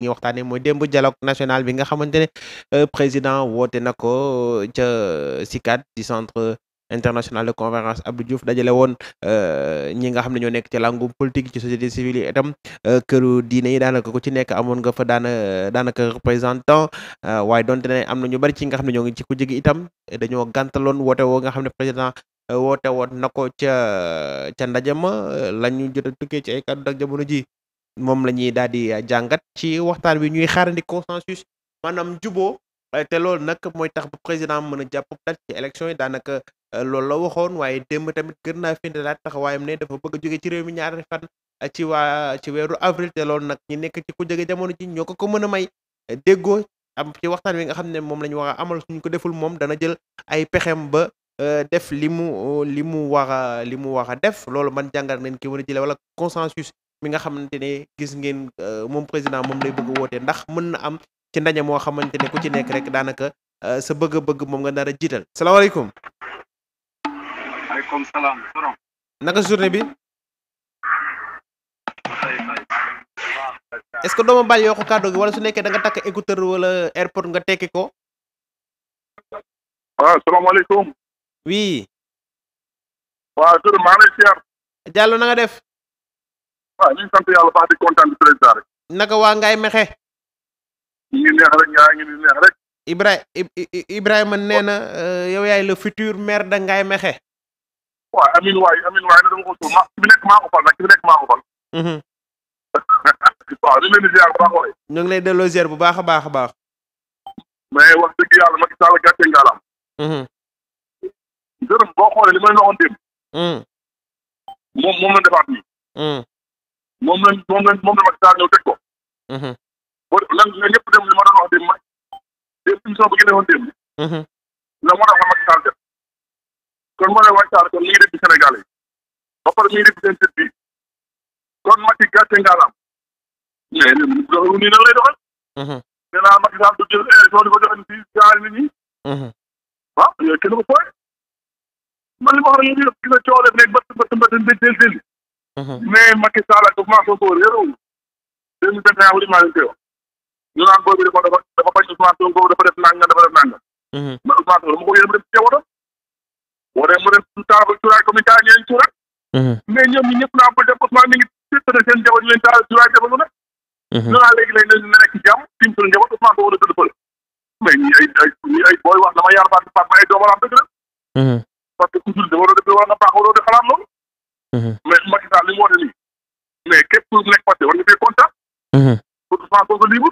ñuy waxtaanee mooy démb dialogue national bi nga xamante ne euh, président woote na ko euh, ca CICAD di centre international de conférence Abdou Diouf dajale woon euh, ñi nga xam ne ñoo nekk ci làngu politique ci société civile yi itam këru diine yi daanaka ko ci nekk amoon nga fa daana daanaka représentant waaye donte ne am na ñu bari ci nga xam ne ñoo ngi ci ku jigi itam dañoo gàntaloon woote woo nga xam ne président woote woon na ko ca ca ndaje ma la ñu jot a tukkee ci ay ji moom la ñuy daal di euh, jàngat ci waxtaan wi ñuy xaarandi consensus maanaam juboo euh, te loolu nag mooy tax ba président mën a jàpp date ci élection yi daanaka euh, loolu la waxoon waaye démb tamit gën naa fi daal taxawaayam ne dafa bëgg a jóge ci réew mi ñaari fan ci waa ci weeru avril te loolu nag ñi nekk ci ko jóge jamono ji ñoo ko ko mën a may déggoo am ci waxtaan wi nga xam ne moom la ñu war a amal suñ ko deful moom dana jël ay pexem ba def li mu li mu war a li mu war a def loolu man jàngat nañ ki mën a jëlee wala mi nga xamante ne gis ngeen euh, moom président moom lay bëgg woote ndax mën na am ci ndaje moo xamante ne ku ci nekk rek daanaka euh, sa bëgg-bëgg moom nga dara jiital salaamaaleykum. maaleykum salaam. naka journée bi. est-ce que dooma bàyyi yokk kàddu gi wala su nekkee da nga takk écouteur wala airport nga tekki ko. waaw salaamaaleykum. oui. waaw tur maa def. waaw ñu ngi sant yàlla baax di kontaan di président euh, yaay le futur maire de Ngaye Mekhe. waaw amin waay ma bi nekk maa ko fal nag bi mm-hmm. bu baax lay delloo bu baax a baax a baax. mais wax dëgg yàlla Macky Sall gàcce ngaalaam. Mm-hmm. gërëm boo xoolee li may waxoon démb. Mm. moom moom lañ moom lañ moom la Macky Sall ñëw teg ko. boo mhm. lan nga ñëpp dem li ma doon wax démb ma démb émission bu ngeen defoon démb. Mhm. la moo tax la Macky Sall def kon moo ne Macky Sall kon mi ngi dégg Sénégal yi ba pare mi ngi dégg seen site bi kon Macky gàcce ngaalaam mais loolu nii nan lay doxal. Mhm. nee naa Macky Sall du jël élection di ko joxe ci gaal nit ñi. waaw ah, yooyu kenn ko fooy man li ma wax rek yow gis nga coow la nekk bët bët bët déedéet mais Macky Sall ak Ousmane Sonko réeróowul deux mille vingt et un wuli maa leen koy wax ñu naan boobu dafa dafa dafa bañ Ousmane Sonko dafa def nangam dafa def nangam mais Ousmane Sonko dama ko yéene mu dem ci woto boo dem mu dem su taabal cuuraay comme ni gaa ngeen cuuraay mais ñoom ñi ñëpp naa ko def Ousmane mi ngi tëdd seen jabar ñu leen taal cuuraay defal lu ne ñu naan léegi léegi ne nekk ci jàmm tim suñu njaboot Ousmane Sonko la dëdd fële mais ñi ay ay ñi ay booy wax dama yaar baat baat ma ay doomalaam dëgg la parce que toujours dama doon def war na baax waroo di xalaat loolu Mm-hmm. mais Macky Sall li mu woote nii mais képp ku nekk Pastef war nga fee kontaan. Mm-hmm. pour Ousmane Sonko libre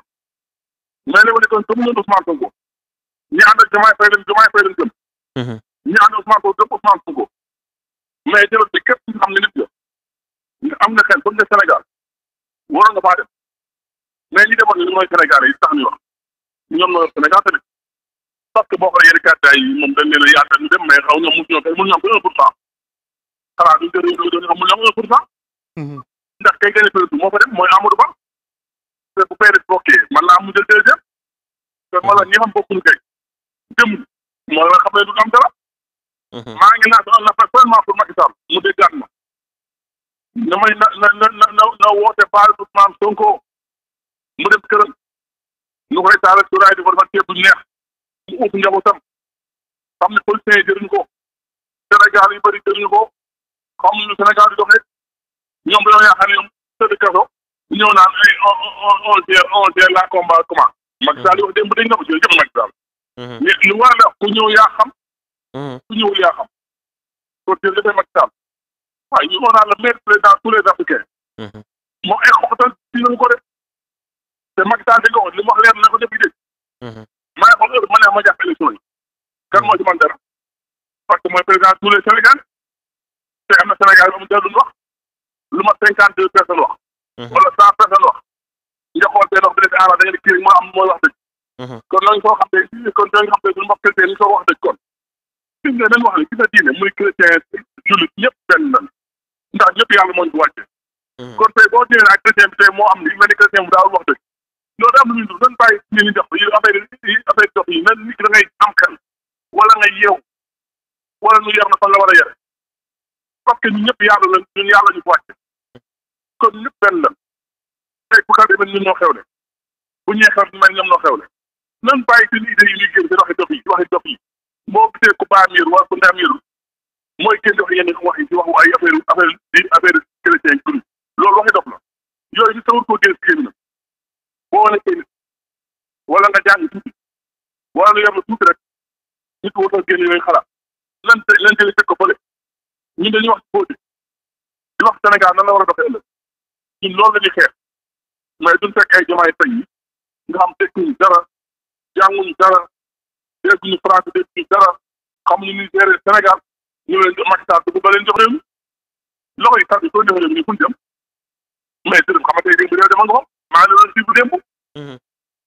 mais li ma nekkoon gëm ñoom Ousmane Sonko ñi ànd ak Diomaye Faye leen Diomaye Faye leen gëm. Mm-hmm. ñi ànd ak Ousmane Sonko gëm Ousmane Sonko mais jëloon bi képp ku xam ne nit la nga am na xel comme ne Sénégal waroon nga faa dem mais ñi demoon ni mooy Sénégalais yi tax ñu wax ñoom ñoo yor Sénégal tamit parce que boo xoolee yenn kàddaa yi moom dañ leen a yaakaar ñu dem mais xaw ñoom mosu ñoo kay mën ñoo am benn pour cent xanaa duñ jëriñ lu mhm. doon moo fa dem mooy Amadou Ba. te bu période man laa am mu jël deuxième. te moo tax ñi xam bokkuñu kay. jëm moo la xam ne du am dara. Mhm. maa ngi naan un appel ma pour Macky Sall mu déggaat ma. na may na na na na woote baal bu maam Sonko mu dem këram. ñu koy taal suraay di ko defal ceeb neex. mu ut njabootam. xam ne politiciens yi jëriñ ko. Sénégal yu bëri jëriñ ko. comme Sénégal di doxee ñoom dañoo yaakaar ne ñoom tëdd kaso ñëw naan ay on on on on on la combat comment. Macky Sall wax démb dañ na ko jërëjëf Macky Sall. Mhm. mais lu war la ku ñëw yaa xam. Mhm. ku ñëwul yaa a le meilleur président tous les Africains. moom ay xoxtal de. te Macky Sall di nga li mu wax leer na ko def dégg. Mhm. maa ngi xool kan moo ci man dara parce que mooy président tous les te am na Sénégal amul dara duñ wax lu ma cinquante deux personnes wax. Mhm. wala cent personnes wax nga xool seen wax bi dafay aaraat da ngeen di kii moo am mooy mhm. wax dëgg. kon ñooñu soo xam ne kon ñooñu xam ne duñ wax chrétien ñu soo wax dëgg kon. fi mu ne nañ wax ne ci sa diine muy chrétien jullit ñëpp benn lan ndax ñëpp yàlla moo ñu ko wàcce. Mhm. kon tey boo diine ak chrétien bi tey moo am li mel ni chrétien bu daawul wax dëgg loolu daa am lu ñu dul nañ bàyyi nit ñi dox yi affaire yi affaire dox yi nan nit ki da ngay am xel wala nga yeew wala nu yar na fan la war a yare parce que ñun ñëpp yàlla la ñun yàlla ñu ko wàcce kon ñëpp benn la tey bu xewle man ñun ñoo xewle bu ñee xew man ñoom ñoo xewle nan bàyyi seen idée yi ñuy génn seen waxi dof yi waxi dof yi moo gisee ku baa miir wala ku ndam miirul mooy kenn jox yenn wax yi ci waxu ay affaire affaire di affaire chrétien yi loolu waxi dof la yooyu ni tawul koo génn génn na boo nekkee nit wala nga jàng tuuti wala nga yem tuuti rek nit woo tax génn yooyu xalaat lan lan jëlee teg ko fële ñun dañuy wax produit di wax Sénégal nan la war a doxee ëllëg ñun loolu la ñuy xeex mais duñ fekk ay jamaay tey yi nga xam tekkuñu dara jànguñu dara dégguñu français dégguñu dara xamuñu ni gérer Sénégal ñu leen jox Macky Sall dugg ba leen jox réew mi loxo yi sax bi soo joxee réew mi fu ñu jëm mais dërëm xam nga tey démb réew dama nga xam maa ngi leen suivre démb mhm.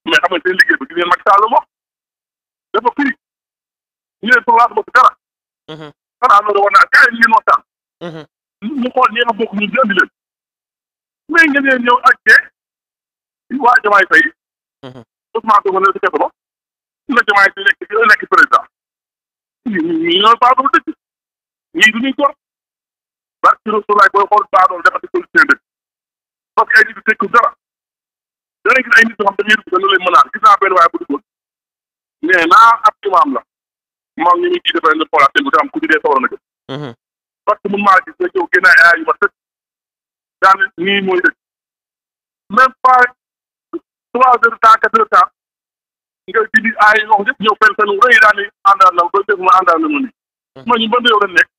mais xam nga seen liggéey bi gis ngeen Macky Sall lu wax dafa firi ñu leen pour laas ba dara mhm. xanaa loolu war naa kaay ngeen waxtaan. Mhm. ñu xool ñi nga bokk ñu jëndi leen. mais ngeen ñëw ñëw ak kee waa jamaay fay. Mhm. Ousmane Sonko la si kese ba. la jamaay di nekk di nekk président. ñi ñooy baadool dëkk. ñii du ñuy gor. barke Rasulaay booy xool baadool dafa di politicien dëkk. parce que ay nit yu tekku dara. da ngay gis ay nit yoo xam dañuy dugg dañu lay mënaat gis naa benn waaye bu duggoon. mais naa ab imaam la. maa ngi ñu jiite benn xoolaat te am ku ci dee sawar na jëm. Mhm. parce que mun maa gis ne yow gën a ay yu ma tëj daan nii mooy dëgg même pas trois heures de temps quatre heures nga ji ay wax yëpp ñëw fenn fenn rëy daan ni àndaan na ba dégg ma àndaan ma nii. ma ñu ban yow lañ nekk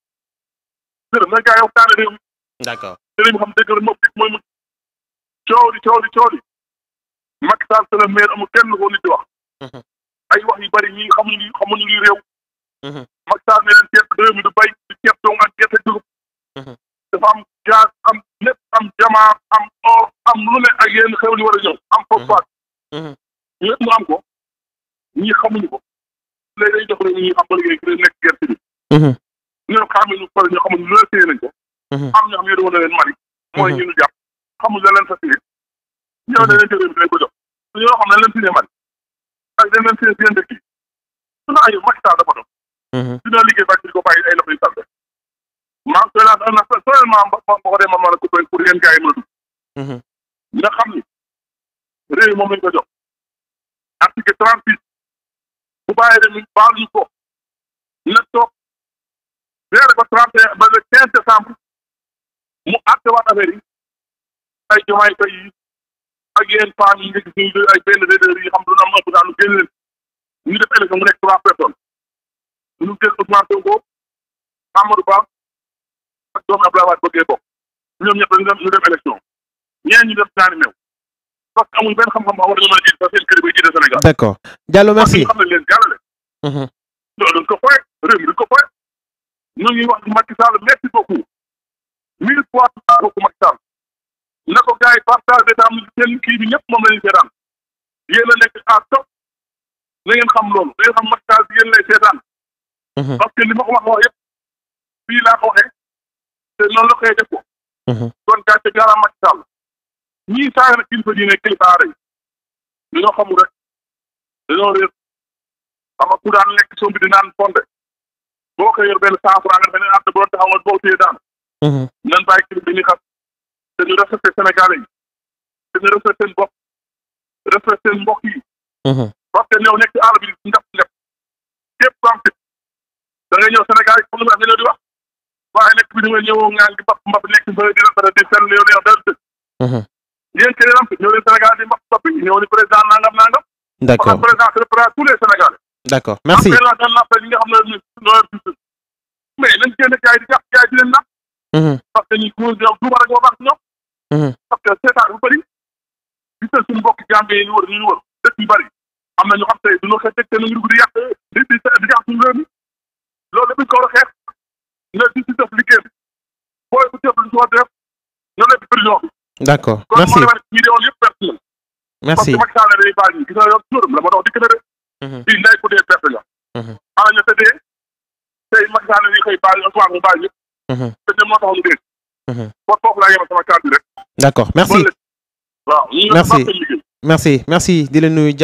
jërëjëf nag gars yow taale réew mi. d'accord réew mi xam dëgg la moom mu coow li coow li coow li Macky Sall c'est le maire amul kenn ko nit di wax. Mhm. ay wax yu Mm-hmm. Macky Sall ne leen ceeb réew mi du béy du ceeb dong ak gerte dugub. Mm-hmm. dafa am gaz am lépp am jamaa am or am lu ne ak yenn xew li war a ñëw am mm-hmm. phosphate. lépp mu am ko ñii xamuñu ko léegi dañuy jox réew mi ñu xam ba léegi rek nekk gerte bi. ñoom xaaral ñu pare ñoo xamuñu lu la téye nañ ko. am ñoo xam ne doon na leen mari. mooy ñu ñu jàpp xamuñu la leen fa téye ñoo ne leen jëriñ dinañ ko jox ñoo xam ne leen fi ne mari ak dañ leen fi ne seen dëkk yi su la ayoo Macky Sall dafa doon. Mm-hmm. dina liggéey ba di ko bàyyi ay loxo yu salté maa ngi koy laaj am na seulement mba mba ko dee ma mën a ko doy pour yéen gars yi mën a dugg. nga xam ni réew moom lañ ko jox. article trente six bu bàyyi dem baal ñu ko na toog weer ba trente et un ba le quinze décembre mu àtte waat affaire yi ay jomaay kay yi ak yenn femmes yi nga gis ñu ay benn leader yi xam du am ëpp daal lu génn leen ñu def élection mu nekk trois personnes. ñu jël Ousmane Sonko Amadou Ba ak doomu Abdoulaye Wade bëggee bokk ñoom ñëpp ñu dem ñu dem élection ñeen ñu def ñaari néew parce que amuñ benn xam-xam ba war nañu mën a jiite seen kër bay jiite Sénégal. d'accord Diallo merci xam nañ leen jàllale. Mhm. loolu dañ ko fooye réew mi dañ ko fooye ñu ngi wax Macky Sall merci beaucoup mille fois beaucoup Macky Sall na ko gars yi partagé daam seen kii bi ñëpp moom la ñuy seetaan yéen a nekk à top na ngeen xam loolu na ngeen xam Macky Sall yéen lay seetaan. Mhm. parce que li ma ko wax wax yëpp fii laa ko waxee te noonu la koy def ko mhm. kon gàcce garaa Macky Sall ñii saaga na kilifa diine kilifa aada yi dañoo xamul rek dañoo réer xam nga ku daan lekk sombi di naan fonde boo ko yor benn cent franc nga beneen àdd boo taxaw nga boo téye daan mhm. nan bàyyi kilifa bi te ñu respecté Sénégalais yi te ñu respecté seen bopp respecté seen mbokk parce que ñëw nekk ci àll bi da nga ñëw Sénégal comme li nga di wax waaye nekk bi ni nga ñëwoo ngaan di mbap mbap nekk ba di rafetlu di seetlu yow yow dara dëkk. yéen ci lamp ñëw leen Sénégal di mbap mbap ñëw ni président nangam nangam. d' accord parce que président c'est le président tous les Sénégalais. d' accord merci après lan après li nga xam ne noor bi mais nañ génn gars yi di jàpp gars yi di leen nax. Mhm. parce que ñun góor ñoom duuma rek moo baax ñoom. Mhm. parce que seetaan bu bëri gisal suñu mbokk Gambie yi ñu wër ñu wër dëkk yu bëri am na ñu xam tey du ñu xëy teg te ñu ngi dugg di yàq di di di yàq suñu réew mi loolu dañ ko war a xeex ne di ci def liggéey booy bu def lu ci war def na nekk prison. d' accord merci kon moo merci ma dox dikk na de. fii mhm. mhm. mhm. merci merci merci di la nuyu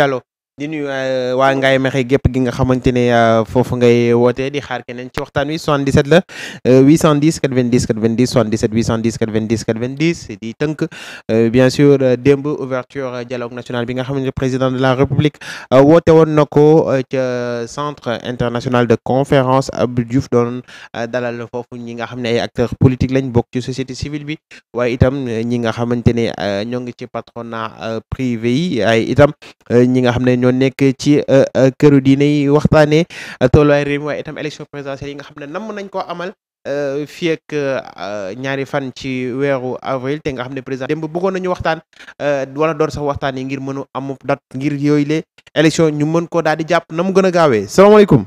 di nuyu euh, waa Ngaye Mekhe gépp gi nga xamante ne euh, foofu ngay wootee di xaar keneen ci waxtaan wi 77 la 810 90 90 77 810 90 90 di tënk euh, bien sûr démb ouverture dialogue national bi nga xamante ne président de la république woote woon na ko ca centre international de conférence Abdou Diouf doon dalal foofu ñi nga xam ne ay acteurs politiques lañ bokk ci société civile bi waaye itam ñi nga xamante ne ñoo ngi ci patronat privé yi ay itam ñi nga xam ne ñoo nekk ci euh, euh, këru diine yi waxtaanee euh, tolluwaay réew mi waaye itam élection présidentielle yi nga xam ne namm nañ koo amal fii ak ñaari fan ci weeru avril te nga xam ne président démb bëggoon nañu waxtaan wala door sax waxtaan yi ngir mënu amu dat ngir yoy le élection ñu mën koo daal di jàpp na mu gën a gaawee salaamaaleykum